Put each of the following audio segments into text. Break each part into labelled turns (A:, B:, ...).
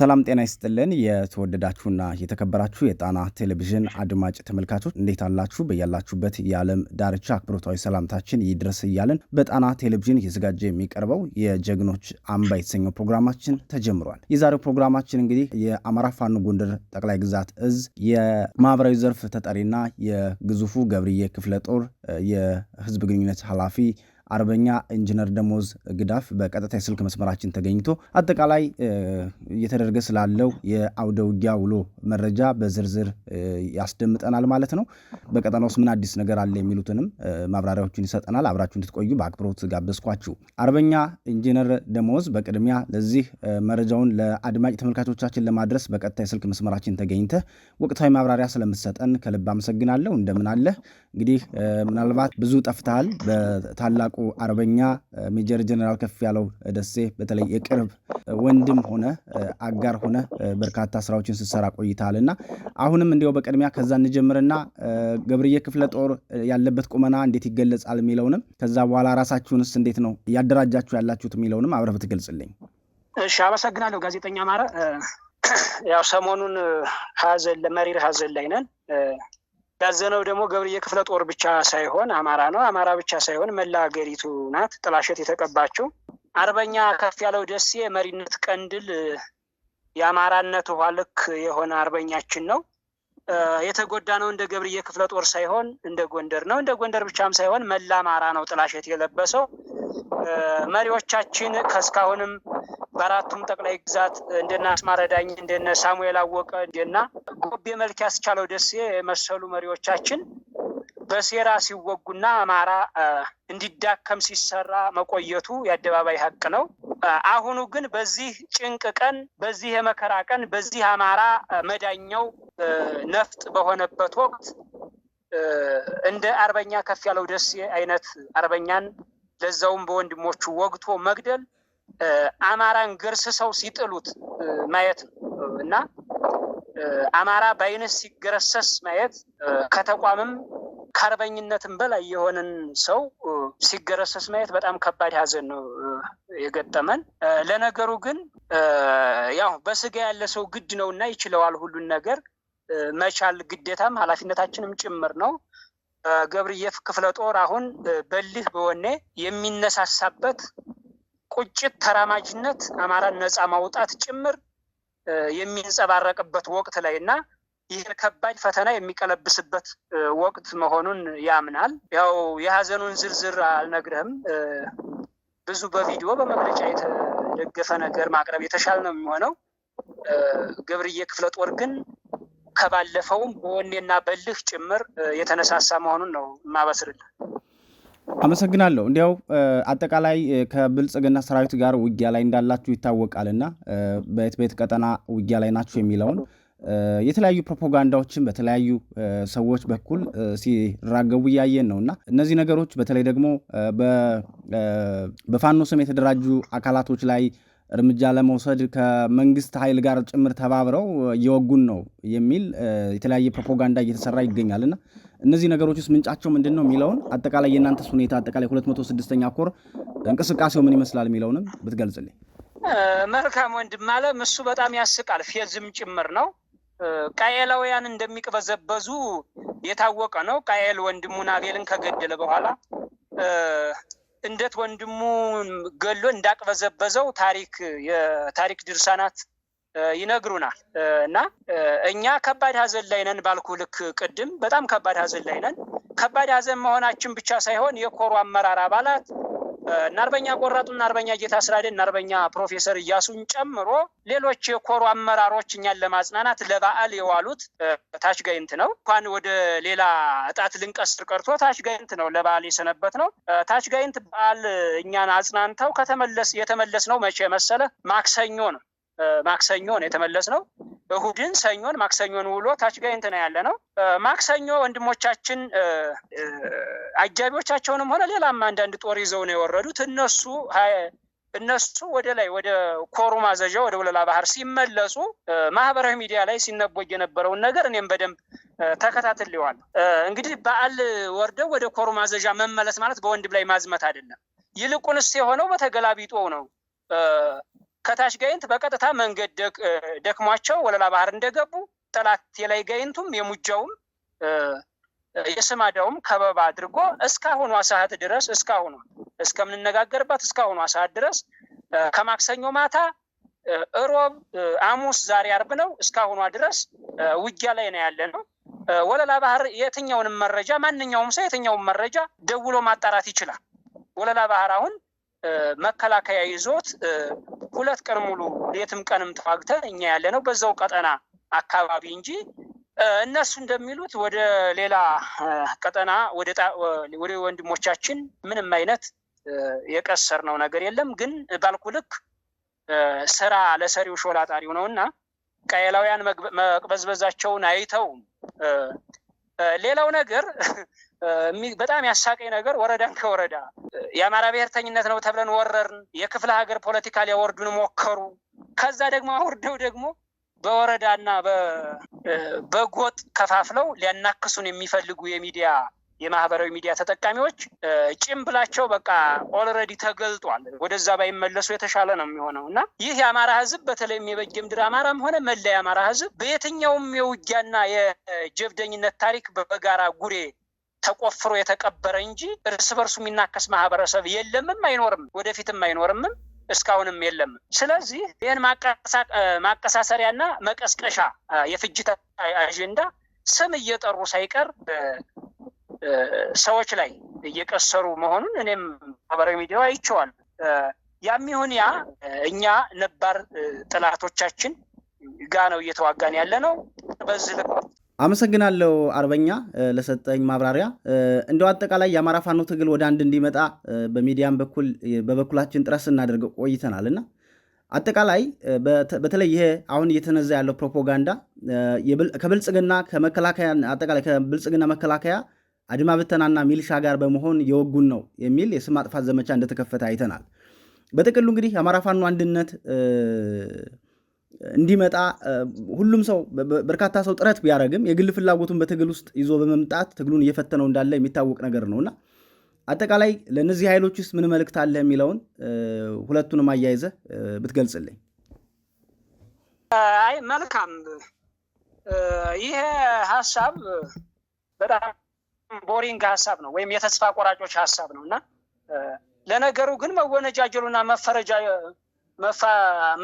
A: ሰላም ጤና ይስጥልን። የተወደዳችሁና የተከበራችሁ የጣና ቴሌቪዥን አድማጭ ተመልካቾች እንዴት አላችሁ? በያላችሁበት የዓለም ዳርቻ አክብሮታዊ ሰላምታችን ይድረስ እያልን በጣና ቴሌቪዥን እየዘጋጀ የሚቀርበው የጀግኖች አምባ የተሰኘው ፕሮግራማችን ተጀምሯል። የዛሬው ፕሮግራማችን እንግዲህ የአማራ ፋኖ ጎንደር ጠቅላይ ግዛት እዝ የማህበራዊ ዘርፍ ተጠሪና የግዙፉ ገብርዬ ክፍለ ጦር የህዝብ ግንኙነት ኃላፊ አርበኛ ኢንጂነር ደሞዝ ግዳፍ በቀጥታ የስልክ መስመራችን ተገኝቶ አጠቃላይ እየተደረገ ስላለው የአውደ ውጊያ ውሎ መረጃ በዝርዝር ያስደምጠናል ማለት ነው። በቀጠና ውስጥ ምን አዲስ ነገር አለ የሚሉትንም ማብራሪያዎቹን ይሰጠናል። አብራችሁ እንድትቆዩ በአክብሮት ጋበዝኳችሁ። አርበኛ ኢንጂነር ደሞዝ በቅድሚያ ለዚህ መረጃውን ለአድማጭ ተመልካቾቻችን ለማድረስ በቀጥታ የስልክ መስመራችን ተገኝተ ወቅታዊ ማብራሪያ ስለምትሰጠን ከልብ አመሰግናለሁ። እንደምን አለ እንግዲህ ምናልባት ብዙ ጠፍተሃል በታላቁ አርበኛ ሜጀር ጀነራል ከፍ ያለው ደሴ በተለይ የቅርብ ወንድም ሆነ አጋር ሆነ በርካታ ስራዎችን ስትሰራ ቆይተሃል እና አሁንም እንዲያው በቅድሚያ ከዛ እንጀምርና ገብርዬ ክፍለ ጦር ያለበት ቁመና እንዴት ይገለጻል የሚለውንም ከዛ በኋላ ራሳችሁንስ እንዴት ነው እያደራጃችሁ ያላችሁት የሚለውንም አብረህ ብትገልጽልኝ።
B: እሺ፣ አመሰግናለሁ ጋዜጠኛ ማረ። ያው ሰሞኑን ሀዘን ለመሪር ሀዘን ላይ ነን። ያዘነው ደግሞ ገብርዬ ክፍለ ጦር ብቻ ሳይሆን አማራ ነው። አማራ ብቻ ሳይሆን መላ ሀገሪቱ ናት ጥላሸት የተቀባችው። አርበኛ ከፍ ያለው ደሴ መሪነት ቀንድል የአማራነት ውሃ ልክ የሆነ አርበኛችን ነው። የተጎዳ ነው እንደ ገብርዬ ክፍለ ጦር ሳይሆን እንደ ጎንደር ነው። እንደ ጎንደር ብቻም ሳይሆን መላ አማራ ነው ጥላሸት የለበሰው። መሪዎቻችን ከእስካሁንም በአራቱም ጠቅላይ ግዛት እንደና አስማረዳኝ ዳኝ፣ እንደነ ሳሙኤል አወቀ፣ እንደና ጎቤ መልክ ያስቻለው ደሴ የመሰሉ መሪዎቻችን በሴራ ሲወጉና አማራ እንዲዳከም ሲሰራ መቆየቱ የአደባባይ ሀቅ ነው። አሁኑ ግን በዚህ ጭንቅ ቀን፣ በዚህ የመከራ ቀን፣ በዚህ አማራ መዳኛው ነፍጥ በሆነበት ወቅት እንደ አርበኛ ከፍ ያለው ደሴ አይነት አርበኛን ለዛውም በወንድሞቹ ወግቶ መግደል አማራን ገርስሰው ሲጥሉት ማየት ነው እና አማራ በአይነት ሲገረሰስ ማየት ከተቋምም ከአርበኝነትም በላይ የሆነን ሰው ሲገረሰስ ማየት በጣም ከባድ ሀዘን ነው የገጠመን። ለነገሩ ግን ያው በስጋ ያለ ሰው ግድ ነው እና ይችለዋል ሁሉን ነገር መቻል ግዴታም ኃላፊነታችንም ጭምር ነው። ገብርየፍ ክፍለ ጦር አሁን በልህ በወኔ የሚነሳሳበት ቁጭት፣ ተራማጅነት፣ አማራን ነፃ ማውጣት ጭምር የሚንጸባረቅበት ወቅት ላይ እና ይህን ከባድ ፈተና የሚቀለብስበት ወቅት መሆኑን ያምናል። ያው የሀዘኑን ዝርዝር አልነግርህም። ብዙ በቪዲዮ በመግለጫ የተደገፈ ነገር ማቅረብ የተሻለ ነው የሚሆነው። ገብርዬ ክፍለ ጦር ግን ከባለፈውም በወኔና በልህ ጭምር የተነሳሳ መሆኑን ነው የማበስርልህ። አመሰግናለሁ።
A: እንዲያው አጠቃላይ ከብልጽግና ሰራዊት ጋር ውጊያ ላይ እንዳላችሁ ይታወቃልና በየት በየት ቀጠና ውጊያ ላይ ናችሁ የሚለውን የተለያዩ ፕሮፓጋንዳዎችን በተለያዩ ሰዎች በኩል ሲራገቡ እያየን ነው እና እነዚህ ነገሮች በተለይ ደግሞ በፋኖ ስም የተደራጁ አካላቶች ላይ እርምጃ ለመውሰድ ከመንግስት ኃይል ጋር ጭምር ተባብረው እየወጉን ነው የሚል የተለያየ ፕሮፓጋንዳ እየተሰራ ይገኛል እና እነዚህ ነገሮች ውስጥ ምንጫቸው ምንድን ነው የሚለውን አጠቃላይ የእናንተስ ሁኔታ አጠቃላይ 206 ስድስተኛ ኮር እንቅስቃሴው ምን ይመስላል የሚለውንም ብትገልጽልኝ መልካም ወንድም። አለም እሱ በጣም ያስቃል፣ ፌዝም ጭምር ነው። ቃኤላውያን እንደሚቅበዘበዙ የታወቀ ነው። ቃኤል ወንድሙን አቤልን ከገደለ በኋላ እንዴት ወንድሙ ገሎ እንዳቅበዘበዘው ታሪክ የታሪክ ድርሳናት ይነግሩናል እና እኛ ከባድ ሀዘን ላይ ነን ባልኩ ልክ ቅድም በጣም ከባድ ሀዘን ላይ ነን። ከባድ ሀዘን መሆናችን ብቻ ሳይሆን የኮሩ አመራር አባላት እና አርበኛ ቆራጡ እና አርበኛ ጌታ ስራዴ እና አርበኛ ፕሮፌሰር እያሱን ጨምሮ ሌሎች የኮሩ አመራሮች እኛን ለማጽናናት ለበዓል የዋሉት ታችጋይንት ነው። እንኳን ወደ ሌላ እጣት ልንቀስር ቀርቶ ታችጋይንት ነው ለበዓል የሰነበት ነው። ታችጋይንት በዓል እኛን አጽናንተው ከተመለስ የተመለስ ነው መቼ መሰለ ማክሰኞ ነው ማክሰኞ ነው የተመለስ ነው። እሁድን፣ ሰኞን፣ ማክሰኞን ውሎ ታችጋይንት ነው ያለ ነው። ማክሰኞ ወንድሞቻችን አጃቢዎቻቸውንም ሆነ ሌላም አንዳንድ ጦር ይዘው ነው የወረዱት። እነሱ እነሱ ወደ ላይ ወደ ኮሩ ማዘዣ ወደ ወለላ ባህር ሲመለሱ ማህበራዊ ሚዲያ ላይ ሲነበጅ የነበረውን ነገር እኔም በደንብ ተከታትሌዋለሁ። እንግዲህ በዓል ወርደው ወደ ኮሩ ማዘዣ መመለስ ማለት በወንድም ላይ ማዝመት አይደለም። ይልቁንስ የሆነው በተገላቢጦ ነው። ከታች ጋይንት በቀጥታ መንገድ ደክሟቸው ወለላ ባህር እንደገቡ ጠላት የላይ ጋይንቱም የሙጃውም የስማዳውም ከበባ አድርጎ እስካሁኗ ሰዓት ድረስ እስካሁኗ እስከምንነጋገርባት እስካሁኗ ሰዓት ድረስ ከማክሰኞ ማታ እሮብ፣ አሙስ፣ ዛሬ አርብ ነው። እስካሁኗ ድረስ ውጊያ ላይ ነው ያለ ነው። ወለላ ባህር የትኛውንም መረጃ ማንኛውም ሰው የትኛውን መረጃ ደውሎ ማጣራት ይችላል። ወለላ ባህር አሁን መከላከያ ይዞት ሁለት ቀን ሙሉ ሌትም ቀንም ተዋግተን እኛ ያለ ነው በዛው ቀጠና አካባቢ እንጂ እነሱ እንደሚሉት ወደ ሌላ ቀጠና ወደ ወንድሞቻችን ምንም አይነት የቀሰር ነው ነገር የለም። ግን ባልኩ ልክ ስራ ለሰሪው ሾላ ጣሪው ነው እና ቀየላውያን መቅበዝበዛቸውን አይተውም። ሌላው ነገር በጣም ያሳቀኝ ነገር ወረዳን ከወረዳ የአማራ ብሔርተኝነት ነው ተብለን ወረርን። የክፍለ ሀገር ፖለቲካ ሊያወርዱን ሞከሩ። ከዛ ደግሞ አውርደው ደግሞ በወረዳና በጎጥ ከፋፍለው ሊያናክሱን የሚፈልጉ የሚዲያ የማህበራዊ ሚዲያ ተጠቃሚዎች ጭም ብላቸው በቃ ኦልረዲ ተገልጧል። ወደዛ ባይመለሱ የተሻለ ነው የሚሆነው እና ይህ የአማራ ህዝብ በተለይም የበጌምድር አማራም ሆነ መላ የአማራ ህዝብ በየትኛውም የውጊያና የጀብደኝነት ታሪክ በጋራ ጉሬ ተቆፍሮ የተቀበረ እንጂ እርስ በርሱ የሚናከስ ማህበረሰብ የለምም፣ አይኖርም፣ ወደፊትም አይኖርምም። እስካሁንም የለም። ስለዚህ ይህን ማቀሳሰሪያና መቀስቀሻ የፍጅት አጀንዳ ስም እየጠሩ ሳይቀር ሰዎች ላይ እየቀሰሩ መሆኑን እኔም ማህበራዊ ሚዲያው አይቼዋለሁ። ያም ይሁን ያ እኛ ነባር ጥላቶቻችን ጋ ነው እየተዋጋን ያለ ነው። በዚህ ልክ አመሰግናለሁ አርበኛ ለሰጠኝ ማብራሪያ። እንደው አጠቃላይ የአማራ ፋኖ ትግል ወደ አንድ እንዲመጣ በሚዲያም በኩል በበኩላችን ጥረት ስናደርገው ቆይተናል እና አጠቃላይ በተለይ ይሄ አሁን እየተነዛ ያለው ፕሮፓጋንዳ ከብልጽግና ከመከላከያ አጠቃላይ ከብልጽግና መከላከያ አድማ ብተናና ሚሊሻ ጋር በመሆን የወጉን ነው የሚል የስም ማጥፋት ዘመቻ እንደተከፈተ አይተናል። በጥቅሉ እንግዲህ የአማራ ፋኖ አንድነት እንዲመጣ ሁሉም ሰው በርካታ ሰው ጥረት ቢያደርግም የግል ፍላጎቱን በትግል ውስጥ ይዞ በመምጣት ትግሉን እየፈተነው እንዳለ የሚታወቅ ነገር ነው እና አጠቃላይ ለእነዚህ ኃይሎች ውስጥ ምን መልእክት አለ የሚለውን ሁለቱንም አያይዘ ብትገልጽልኝ። አይ መልካም። ይሄ ሀሳብ በጣም ቦሪንግ ሀሳብ ነው ወይም የተስፋ ቆራጮች ሀሳብ ነው እና ለነገሩ ግን መወነጃጀሉና መፈረጃ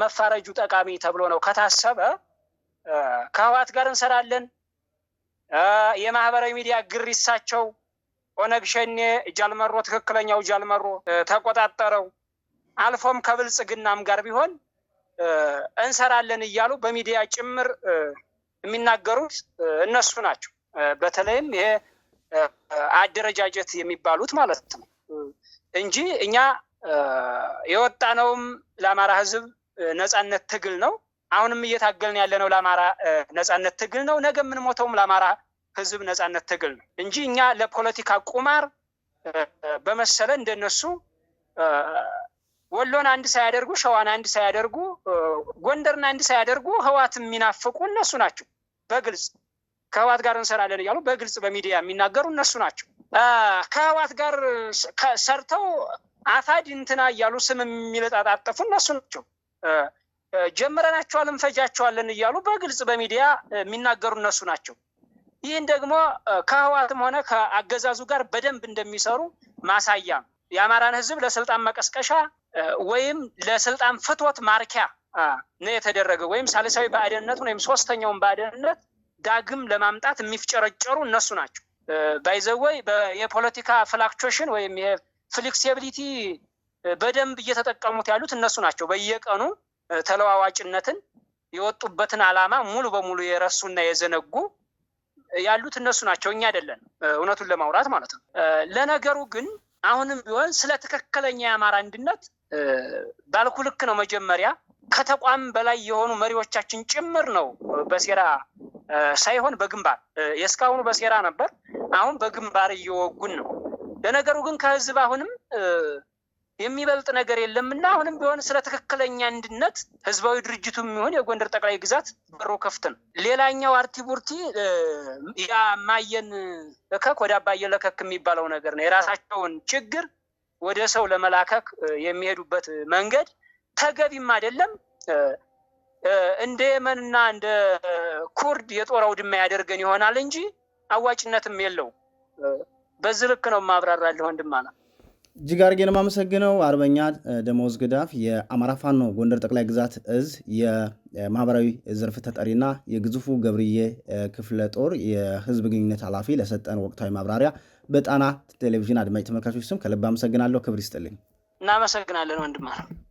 A: መፋረጁ ጠቃሚ ተብሎ ነው ከታሰበ ከህዋት ጋር እንሰራለን። የማህበራዊ ሚዲያ ግሪሳቸው ኦነግ ሸኔ ጃልመሮ ትክክለኛው ጃልመሮ ተቆጣጠረው አልፎም ከብልጽግናም ጋር ቢሆን እንሰራለን እያሉ በሚዲያ ጭምር የሚናገሩት እነሱ ናቸው። በተለይም ይሄ አደረጃጀት የሚባሉት ማለት ነው እንጂ እኛ የወጣ ነውም ለአማራ ህዝብ ነፃነት ትግል ነው። አሁንም እየታገልን ያለነው ለአማራ ነፃነት ትግል ነው። ነገ የምንሞተውም ለአማራ ህዝብ ነፃነት ትግል ነው እንጂ እኛ ለፖለቲካ ቁማር በመሰለ እንደነሱ ወሎን አንድ ሳያደርጉ ሸዋን አንድ ሳያደርጉ ጎንደርን አንድ ሳያደርጉ ህዋት የሚናፍቁ እነሱ ናቸው። በግልጽ ከህዋት ጋር እንሰራለን እያሉ በግልጽ በሚዲያ የሚናገሩ እነሱ ናቸው። ከህዋት ጋር ሰርተው አሳድ እንትና እያሉ ስም የሚለጣጣጠፉ እነሱ ናቸው። ጀምረናቸዋል፣ እንፈጃቸዋለን እያሉ በግልጽ በሚዲያ የሚናገሩ እነሱ ናቸው። ይህን ደግሞ ከህዋትም ሆነ ከአገዛዙ ጋር በደንብ እንደሚሰሩ ማሳያ የአማራን ህዝብ ለስልጣን መቀስቀሻ ወይም ለስልጣን ፍትወት ማርኪያ ነው የተደረገ ወይም ሳልሳዊ ባዕዳንነቱን ወይም ሶስተኛውን ባዕዳንነት ዳግም ለማምጣት የሚፍጨረጨሩ እነሱ ናቸው። ባይዘወይ የፖለቲካ ፍላክቾሽን ወይም ፍሌክሲቢሊቲ በደንብ እየተጠቀሙት ያሉት እነሱ ናቸው። በየቀኑ ተለዋዋጭነትን የወጡበትን ዓላማ ሙሉ በሙሉ የረሱና የዘነጉ ያሉት እነሱ ናቸው፣ እኛ አይደለን። እውነቱን ለማውራት ማለት ነው። ለነገሩ ግን አሁንም ቢሆን ስለ ትክክለኛ የአማራ አንድነት ባልኩ ልክ ነው። መጀመሪያ ከተቋም በላይ የሆኑ መሪዎቻችን ጭምር ነው በሴራ ሳይሆን በግንባር የእስካሁኑ በሴራ ነበር። አሁን በግንባር እየወጉን ነው። ለነገሩ ግን ከህዝብ አሁንም የሚበልጥ ነገር የለምና አሁንም ቢሆን ስለ ትክክለኛ አንድነት ህዝባዊ ድርጅቱ የሚሆን የጎንደር ጠቅላይ ግዛት በሮ ከፍት ነው። ሌላኛው አርቲቡርቲ ያ ማየን እከክ ወደ አባየን ለከክ የሚባለው ነገር ነው። የራሳቸውን ችግር ወደ ሰው ለመላከክ የሚሄዱበት መንገድ ተገቢም አይደለም። እንደ የመንና እንደ ኩርድ የጦር አውድማ ያደርገን ይሆናል እንጂ አዋጭነትም የለው። በዚህ ልክ ነው ማብራራለህ ወንድም አለ። እጅግ አድርጌ ነው የማመሰግነው። አርበኛ ደመወዝ ግዳፍ የአማራ ፋኖ ጎንደር ጠቅላይ ግዛት እዝ የማህበራዊ ዘርፍ ተጠሪና የግዙፉ ገብርዬ ክፍለ ጦር የህዝብ ግንኙነት ኃላፊ ለሰጠን ወቅታዊ ማብራሪያ በጣና ቴሌቪዥን አድማጭ ተመልካቾች ስም ከልብ አመሰግናለሁ። ክብር ይስጥልኝ። እናመሰግናለን ወንድም አለ።